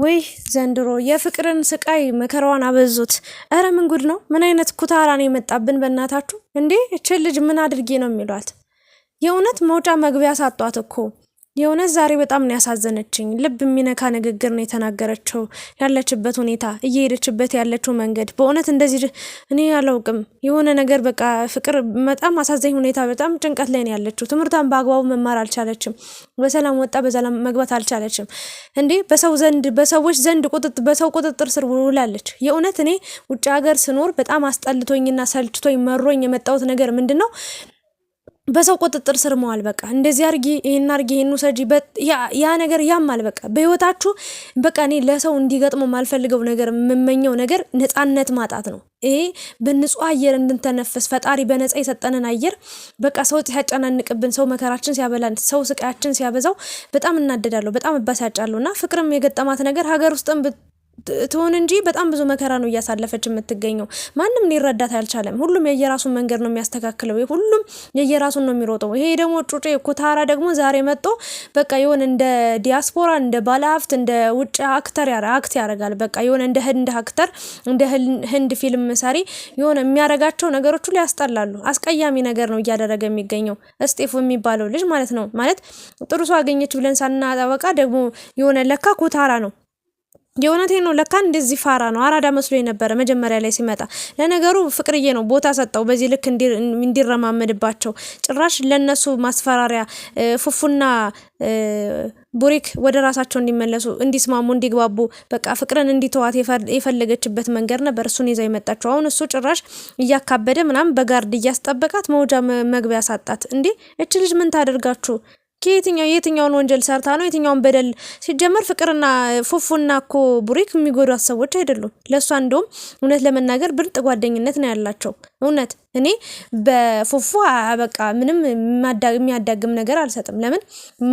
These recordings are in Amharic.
ወይ ዘንድሮ የፍቅርን ስቃይ መከራዋን አበዙት። እረ ምን ጉድ ነው? ምን አይነት ኩታራን የመጣብን በእናታችሁ እንዴ! እችን ልጅ ምን አድርጌ ነው የሚሏት? የእውነት መውጫ መግቢያ ሳጧት እኮ የእውነት ዛሬ በጣም ነው ያሳዘነችኝ። ልብ የሚነካ ንግግር ነው የተናገረችው። ያለችበት ሁኔታ፣ እየሄደችበት ያለችው መንገድ በእውነት እንደዚህ እኔ አላውቅም። የሆነ ነገር በቃ ፍቅር በጣም አሳዘኝ ሁኔታ፣ በጣም ጭንቀት ላይ ነው ያለችው። ትምህርቷን በአግባቡ መማር አልቻለችም። በሰላም ወጣ በሰላም መግባት አልቻለችም። እንዴ በሰው ዘንድ በሰዎች ዘንድ በሰው ቁጥጥር ስር ውላለች። የእውነት እኔ ውጭ ሀገር ስኖር በጣም አስጠልቶኝና ሰልችቶኝ መሮኝ የመጣሁት ነገር ምንድን ነው በሰው ቁጥጥር ስር መዋል በቃ እንደዚህ አርጊ፣ ይሄን አርጊ፣ ይሄን ውሰጂ፣ ያ ነገር ያማል። በቃ በህይወታችሁ በቃ እኔ ለሰው እንዲገጥሙ ማልፈልገው ነገር የምመኘው ነገር ነፃነት ማጣት ነው። ይሄ በንጹህ አየር እንድንተነፍስ ፈጣሪ በነፃ የሰጠንን አየር በቃ ሰው ሲያጨናንቅብን፣ ሰው መከራችን ሲያበላን፣ ሰው ስቃያችን ሲያበዛው በጣም እናደዳለሁ፣ በጣም እባሳጫለሁ። እና ፍቅርም የገጠማት ነገር ሀገር ውስጥም ትሆን እንጂ በጣም ብዙ መከራ ነው እያሳለፈች የምትገኘው። ማንም ሊረዳት አልቻለም። ሁሉም የየራሱን መንገድ ነው የሚያስተካክለው። ሁሉም የየራሱን ነው የሚሮጠው። ይሄ ደግሞ ጩጬ ኮታራ ደግሞ ዛሬ መጥቶ በቃ የሆነ እንደ ዲያስፖራ እንደ ባለሀብት እንደ ውጭ አክተር አክት ያደርጋል። በቃ የሆነ እንደ ህንድ አክተር እንደ ህንድ ፊልም ሰሪ የሆነ የሚያደርጋቸው ነገሮች ሁሉ ያስጠላሉ። አስቀያሚ ነገር ነው እያደረገ የሚገኘው እስጤፉ የሚባለው ልጅ ማለት ነው። ማለት ጥሩ ሰው አገኘች ብለን ሳናጠበቃ ደግሞ የሆነ ለካ ኮታራ ነው የእውነቴ ነው። ለካ እንደዚህ ፋራ ነው። አራዳ መስሎ የነበረ መጀመሪያ ላይ ሲመጣ። ለነገሩ ፍቅርዬ ነው ቦታ ሰጠው በዚህ ልክ እንዲረማመድባቸው። ጭራሽ ለነሱ ማስፈራሪያ ፉፉና ቡሪክ ወደ ራሳቸው እንዲመለሱ፣ እንዲስማሙ፣ እንዲግባቡ በቃ ፍቅርን እንዲተዋት የፈለገችበት መንገድ ነበር። እሱን ይዛ የመጣቸው አሁን እሱ ጭራሽ እያካበደ ምናምን በጋርድ እያስጠበቃት መውጃ መግቢያ ሳጣት። እንዴ እች ልጅ ምን ታደርጋችሁ? ከየትኛው የትኛውን ወንጀል ሰርታ ነው የትኛውን በደል? ሲጀመር ፍቅርና ፉፉና እኮ ቡሪክ የሚጎዷት ሰዎች አይደሉም። ለእሷ እንደውም እውነት ለመናገር ብልጥ ጓደኝነት ነው ያላቸው። እውነት እኔ በፉፉ በቃ ምንም የሚያዳግም ነገር አልሰጥም። ለምን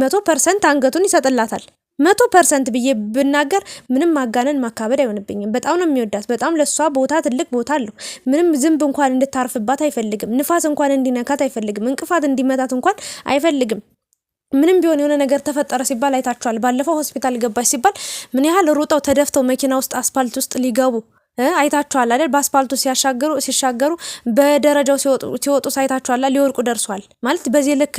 መቶ ፐርሰንት አንገቱን ይሰጥላታል። መቶ ፐርሰንት ብዬ ብናገር ምንም ማጋነን ማካበድ አይሆንብኝም። በጣም ነው የሚወዳት። በጣም ለእሷ ቦታ ትልቅ ቦታ አለው። ምንም ዝንብ እንኳን እንድታርፍባት አይፈልግም። ንፋስ እንኳን እንዲነካት አይፈልግም። እንቅፋት እንዲመታት እንኳን አይፈልግም። ምንም ቢሆን የሆነ ነገር ተፈጠረ ሲባል አይታችኋል። ባለፈው ሆስፒታል ገባች ሲባል ምን ያህል ሩጠው ተደፍተው መኪና ውስጥ አስፓልት ውስጥ ሊገቡ አይታችኋል አይደል? በአስፓልቱ ሲያሻገሩ ሲሻገሩ በደረጃው ሲወጡ ሳይታችኋላ ሊወርቁ ደርሷል ማለት በዚህ ልክ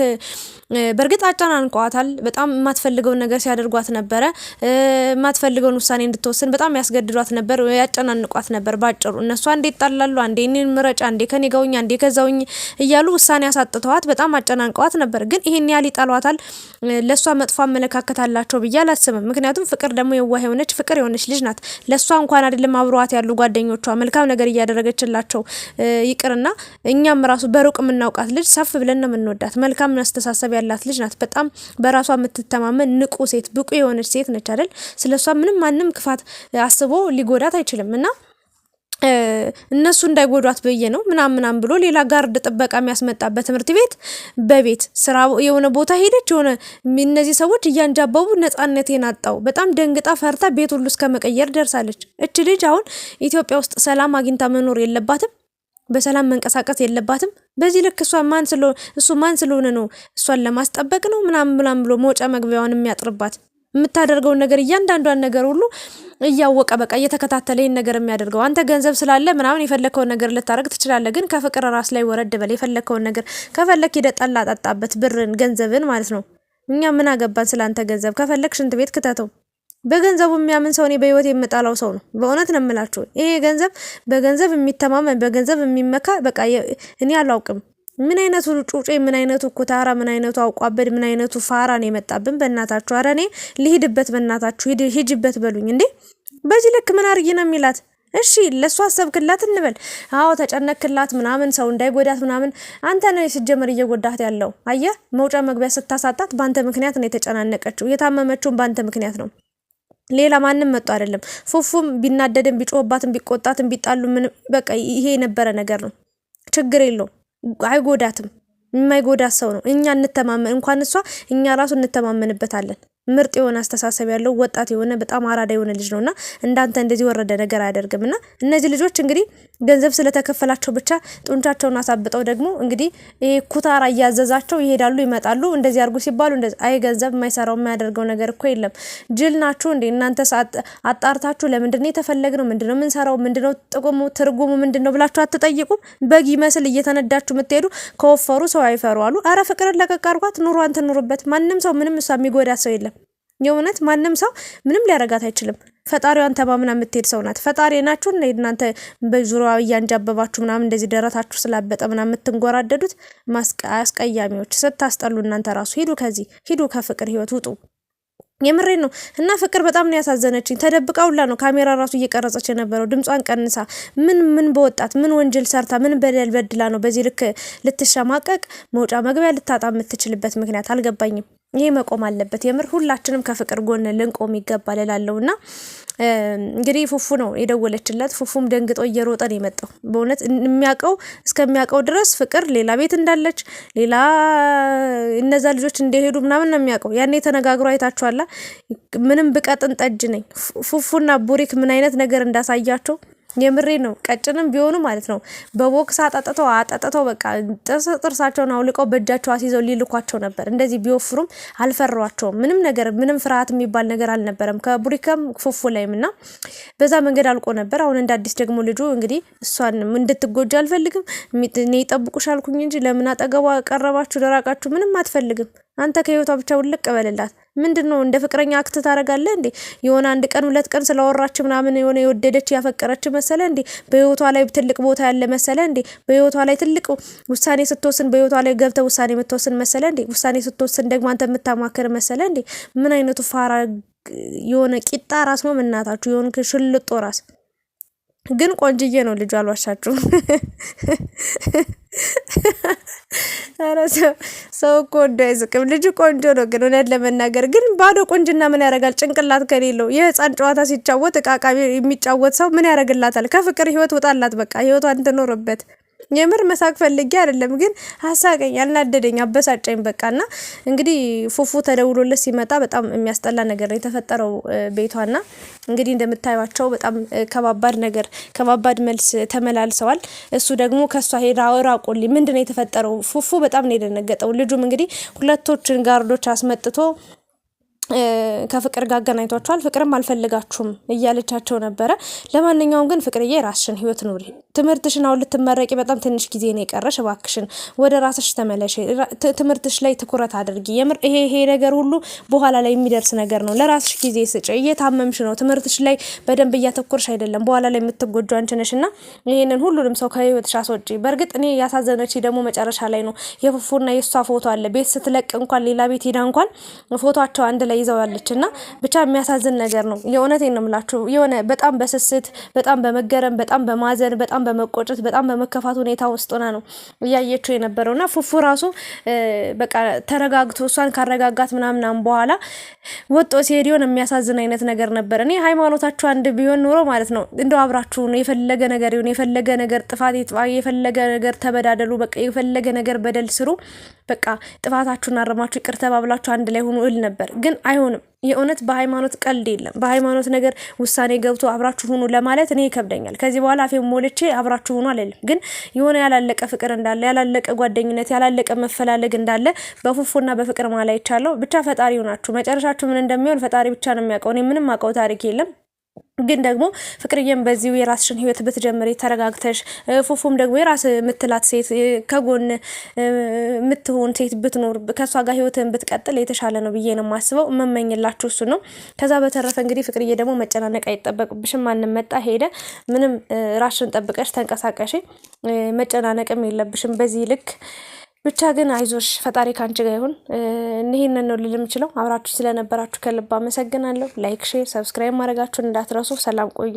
በእርግጥ አጨናንቀዋታል። በጣም የማትፈልገውን ነገር ሲያደርጓት ነበረ። የማትፈልገውን ውሳኔ እንድትወስን በጣም ያስገድዷት ነበር፣ ያጨናንቋት ነበር። ባጭሩ እነሱ አንዴ ይጣላሉ፣ አንዴ እኔን ምረጫ፣ አንዴ ከኔ ጋውኝ፣ አንዴ ከዛውኝ እያሉ ውሳኔ ያሳጥተዋት በጣም አጨናንቀዋት ነበር። ግን ይሄን ያህል ይጣሏታል። ለእሷ መጥፎ አመለካከት አላቸው ብዬ አላስብም። ምክንያቱም ፍቅር ደግሞ የዋህ የሆነች ፍቅር የሆነች ልጅ ናት። ለእሷ እንኳን አይደለም አብረዋት ያሉ ያሉ ጓደኞቿ መልካም ነገር እያደረገችላቸው ይቅርና እኛም ራሱ በሩቅ የምናውቃት ልጅ ሰፍ ብለን ነው የምንወዳት። መልካም አስተሳሰብ ያላት ልጅ ናት። በጣም በራሷ የምትተማመን ንቁ ሴት፣ ብቁ የሆነች ሴት ነች አይደል? ስለሷ ምንም ማንም ክፋት አስቦ ሊጎዳት አይችልም እና እነሱ እንዳይጎዷት ብዬ ነው ምናም ምናም ብሎ ሌላ ጋርድ ጥበቃ የሚያስመጣበት ትምህርት ቤት በቤት ስራ የሆነ ቦታ ሄደች የሆነ እነዚህ ሰዎች እያንጃበቡ ነጻነቴን አጣው በጣም ደንግጣ ፈርታ ቤት ሁሉ እስከ መቀየር ደርሳለች። እች ልጅ አሁን ኢትዮጵያ ውስጥ ሰላም አግኝታ መኖር የለባትም። በሰላም መንቀሳቀስ የለባትም። በዚህ ልክ እሷ ማን እሱ ማን ስለሆነ ነው እሷን ለማስጠበቅ ነው ምናም ምናም ብሎ መውጫ መግቢያዋን የሚያጥርባት የምታደርገውን ነገር እያንዳንዷን ነገር ሁሉ እያወቀ በቃ እየተከታተለ ይህን ነገር የሚያደርገው አንተ ገንዘብ ስላለ ምናምን የፈለከውን ነገር ልታደርግ ትችላለህ። ግን ከፍቅር ራስ ላይ ወረድ በል። የፈለግከውን ነገር ከፈለግ ሄደህ ጠላ ጠጣበት፣ ብርን፣ ገንዘብን ማለት ነው። እኛ ምን አገባን ስለአንተ ገንዘብ? ከፈለግ ሽንት ቤት ክተተው። በገንዘቡ የሚያምን ሰው እኔ በህይወት የምጠላው ሰው ነው። በእውነት ነው የምላችሁ። ይሄ ገንዘብ በገንዘብ የሚተማመን በገንዘብ የሚመካ በቃ እኔ አላውቅም። ምን አይነቱ ጩጬ፣ ምን አይነቱ ኩታራ፣ ምን አይነቱ አውቋበድ፣ ምን አይነቱ ፋራን የመጣብን በእናታችሁ። አረ እኔ ልሂድበት በእናታችሁ፣ ሂጅበት በሉኝ እንዴ። በዚህ ልክ ምን አርጊ ነው የሚላት? እሺ ለእሱ አሰብክላት እንበል። አዎ ተጨነክላት፣ ምናምን ሰው እንዳይጎዳት ምናምን። አንተ ነው ሲጀመር እየጎዳት ያለው። አየህ መውጫ መግቢያ ስታሳጣት በአንተ ምክንያት ነው የተጨናነቀችው። የታመመችውን በአንተ ምክንያት ነው። ሌላ ማንም መጥቶ አይደለም። ፉፉም ቢናደድም ቢጮህባትም ቢቆጣትም ቢጣሉ ምንም በቃ ይሄ የነበረ ነገር ነው። ችግር የለውም። አይጎዳትም። የማይጎዳት ሰው ነው። እኛ እንተማመን እንኳን እሷ እኛ ራሱ እንተማመንበታለን። ምርጥ የሆነ አስተሳሰብ ያለው ወጣት የሆነ በጣም አራዳ የሆነ ልጅ ነው እና እንዳንተ እንደዚህ ወረደ ነገር አያደርግም እና እነዚህ ልጆች እንግዲህ ገንዘብ ስለተከፈላቸው ብቻ ጡንቻቸውን አሳብጠው ደግሞ እንግዲህ ይሄ ኩታራ እያዘዛቸው ይሄዳሉ፣ ይመጣሉ። እንደዚህ አድርጉ ሲባሉ እንደዚህ አይ ገንዘብ የማይሰራው የማያደርገው ነገር እኮ የለም። ጅል ናችሁ እንዴ እናንተ! አጣርታችሁ ለምንድን ነው የተፈለግነው? ምንድን ነው የምንሰራው? ምንድን ነው ጥቅሙ? ትርጉሙ ምንድን ነው ብላችሁ አትጠይቁም። በግ ይመስል እየተነዳችሁ የምትሄዱ ከወፈሩ ሰው አይፈሩ አሉ። አረ ፍቅርን ለቀቅ አድርጓት፣ ኑሯን ትኑሩበት። ማንም ሰው ምንም እሷ የሚጎዳ ሰው የለም። የእውነት ማንም ሰው ምንም ሊያረጋት አይችልም። ፈጣሪዋን ተማምና የምትሄድ ሰው ናት። ፈጣሪ ናችሁ እናንተ በዙሪያ እያንጃበባችሁ ምናምን እንደዚህ ደረታችሁ ስላበጠ ምናምን የምትንጎራደዱት አስቀያሚዎች ስታስጠሉ እናንተ ራሱ ሂዱ፣ ከዚህ ሂዱ፣ ከፍቅር ህይወት ውጡ። የምሬ ነው እና ፍቅር በጣም ነው ያሳዘነችኝ። ተደብቃ ሁላ ነው ካሜራ ራሱ እየቀረጸች የነበረው ድምጿን ቀንሳ። ምን ምን በወጣት ምን ወንጀል ሰርታ ምን በደል በድላ ነው በዚህ ልክ ልትሸማቀቅ መውጫ መግቢያ ልታጣ የምትችልበት ምክንያት አልገባኝም። ይሄ መቆም አለበት። የምር ሁላችንም ከፍቅር ጎን ልንቆም ይገባል እላለሁ እና እንግዲህ ፉፉ ነው የደወለችላት። ፉፉም ደንግጦ እየሮጠ ነው የመጣው። በእውነት የሚያውቀው እስከሚያውቀው ድረስ ፍቅር ሌላ ቤት እንዳለች ሌላ እነዛ ልጆች እንደሄዱ ምናምን ነው የሚያውቀው። ያኔ ተነጋግሮ አይታችኋላ። ምንም ብቀጥን ጠጅ ነኝ ፉፉና ቡሪክ ምን አይነት ነገር እንዳሳያቸው የምሬ ነው። ቀጭንም ቢሆኑ ማለት ነው በቦክስ አጠጥተው አጠጥተው በቃ ጥርሳቸውን አውልቀው በእጃቸው አስይዘው ሊልኳቸው ነበር። እንደዚህ ቢወፍሩም አልፈሯቸውም። ምንም ነገር ምንም ፍርሃት የሚባል ነገር አልነበረም። ከቡሪከም ፉፉ ላይም እና በዛ መንገድ አልቆ ነበር። አሁን እንደ አዲስ ደግሞ ልጁ እንግዲህ እሷን እንድትጎጅ አልፈልግም። እኔ ይጠብቁሻልኩኝ እንጂ ለምን አጠገቧ ቀረባችሁ፣ ደራቃችሁ፣ ምንም አትፈልግም። አንተ ከህይወቷ ብቻ ውልቅ በልላት። ምንድን ነው እንደ ፍቅረኛ አክት ታደርጋለህ እንዴ? የሆነ አንድ ቀን ሁለት ቀን ስላወራች ምናምን የሆነ የወደደች ያፈቀረች መሰለ እንዴ? በህይወቷ ላይ ትልቅ ቦታ ያለ መሰለ እንዴ? በህይወቷ ላይ ትልቅ ውሳኔ ስትወስን በህይወቷ ላይ ገብተ ውሳኔ የምትወስን መሰለ እንዴ? ውሳኔ ስትወስን ደግሞ አንተ የምታማክር መሰለ እንዴ? ምን አይነቱ ፋራ የሆነ ቂጣ ራስ ነው። ምናታችሁ የሆነ ሽልጦ ራስ ግን ቆንጅዬ ነው ልጁ፣ አልዋሻችሁም። ኧረ ሰው እኮ እንዲ አይዝቅም። ልጁ ቆንጆ ነው፣ ግን እውነት ለመናገር ግን ባዶ ቁንጅና ምን ያደርጋል? ጭንቅላት ከሌለው የህፃን ጨዋታ ሲጫወት እቃቃ የሚጫወት ሰው ምን ያደርግላታል? ከፍቅር ህይወት ውጣላት፣ በቃ ህይወቷን ትኖርበት። የምር መሳቅ ፈልጌ አይደለም፣ ግን አሳቀኝ፣ አልናደደኝ፣ አበሳጨኝ። በቃ ና እንግዲህ ፉፉ ተደውሎለት ሲመጣ በጣም የሚያስጠላ ነገር ነው የተፈጠረው ቤቷ ና እንግዲህ እንደምታዩቸው በጣም ከባባድ ነገር ከባባድ መልስ ተመላልሰዋል። እሱ ደግሞ ከእሷ ሄዳ ራቆል ምንድነው የተፈጠረው? ፉፉ በጣም ነው የደነገጠው። ልጁም እንግዲህ ሁለቶችን ጋርዶች አስመጥቶ ከፍቅር ጋር አገናኝቷቸዋል። ፍቅርም አልፈልጋችሁም እያለቻቸው ነበረ። ለማንኛውም ግን ፍቅርዬ ራስሽን ህይወት ኑሪ፣ ትምህርትሽን አሁን ልትመረቂ በጣም ትንሽ ጊዜ ነው የቀረሽ። እባክሽን ወደ ራስሽ ተመለሽ፣ ትምህርትሽ ላይ ትኩረት አድርጊ። የምር ይሄ ይሄ ነገር ሁሉ በኋላ ላይ የሚደርስ ነገር ነው። ለራስሽ ጊዜ ስጭ። እየታመምሽ ነው፣ ትምህርትሽ ላይ በደንብ እያተኮርሽ አይደለም። በኋላ ላይ የምትጎጁ አንቺ ነሽ እና ይህንን ሁሉንም ሰው ከህይወትሽ አስወጪ። በእርግጥ እኔ ያሳዘነች ደግሞ መጨረሻ ላይ ነው የፉፉና የእሷ ፎቶ አለ። ቤት ስትለቅ እንኳን ሌላ ቤት ሄዳ እንኳን ፎቶቸው አንድ ላይ ይዘዋለች እና ብቻ የሚያሳዝን ነገር ነው። የእውነቴን ነው የምላችሁ። የሆነ በጣም በስስት በጣም በመገረም በጣም በማዘን በጣም በመቆጨት በጣም በመከፋት ሁኔታ ውስጥ ሆና ነው እያየችው የነበረው እና ፉፉ ራሱ በቃ ተረጋግቶ እሷን ካረጋጋት ምናምናም በኋላ ወጦ ሲሄድ የሆነ የሚያሳዝን አይነት ነገር ነበር። እኔ ሃይማኖታችሁ አንድ ቢሆን ኖሮ ማለት ነው እንደው አብራችሁ የፈለገ ነገር ይሁን የፈለገ ነገር ጥፋት ይጥፋ የፈለገ ነገር ተበዳደሉ በቃ የፈለገ ነገር በደል ስሩ በቃ ጥፋታችሁን አረማችሁ ይቅር ተባብላችሁ አንድ ላይ ሁኑ እል ነበር ግን አይሆንም። የእውነት በሃይማኖት ቀልድ የለም። በሃይማኖት ነገር ውሳኔ ገብቶ አብራችሁ ሁኑ ለማለት እኔ ይከብደኛል። ከዚህ በኋላ አፌ ሞልቼ አብራችሁ ሁኑ አለልም። ግን የሆነ ያላለቀ ፍቅር እንዳለ ያላለቀ ጓደኝነት ያላለቀ መፈላለግ እንዳለ በፉፉና በፍቅር ማላ ይቻለው ብቻ ፈጣሪ ሆናችሁ መጨረሻችሁ ምን እንደሚሆን ፈጣሪ ብቻ ነው የሚያውቀው። እኔ ምንም አውቀው ታሪክ የለም። ግን ደግሞ ፍቅርዬም በዚሁ የራስሽን ህይወት ብትጀምር ተረጋግተሽ፣ ፉፉም ደግሞ የራስ የምትላት ሴት ከጎን የምትሆን ሴት ብትኖር ከእሷ ጋር ህይወትን ብትቀጥል የተሻለ ነው ብዬ ነው የማስበው። መመኝላችሁ እሱ ነው። ከዛ በተረፈ እንግዲህ ፍቅርዬ ደግሞ መጨናነቅ አይጠበቅብሽም። ማንም መጣ ሄደ፣ ምንም ራስሽን ጠብቀሽ ተንቀሳቀሽ። መጨናነቅም የለብሽም በዚህ ልክ ብቻ ግን አይዞሽ፣ ፈጣሪ ከአንቺ ጋር ይሁን። ይህንን ነው ልል የምችለው። አብራችሁ ስለነበራችሁ ከልብ አመሰግናለሁ። ላይክ፣ ሼር፣ ሰብስክራይብ ማድረጋችሁን እንዳትረሱ። ሰላም ቆዩ።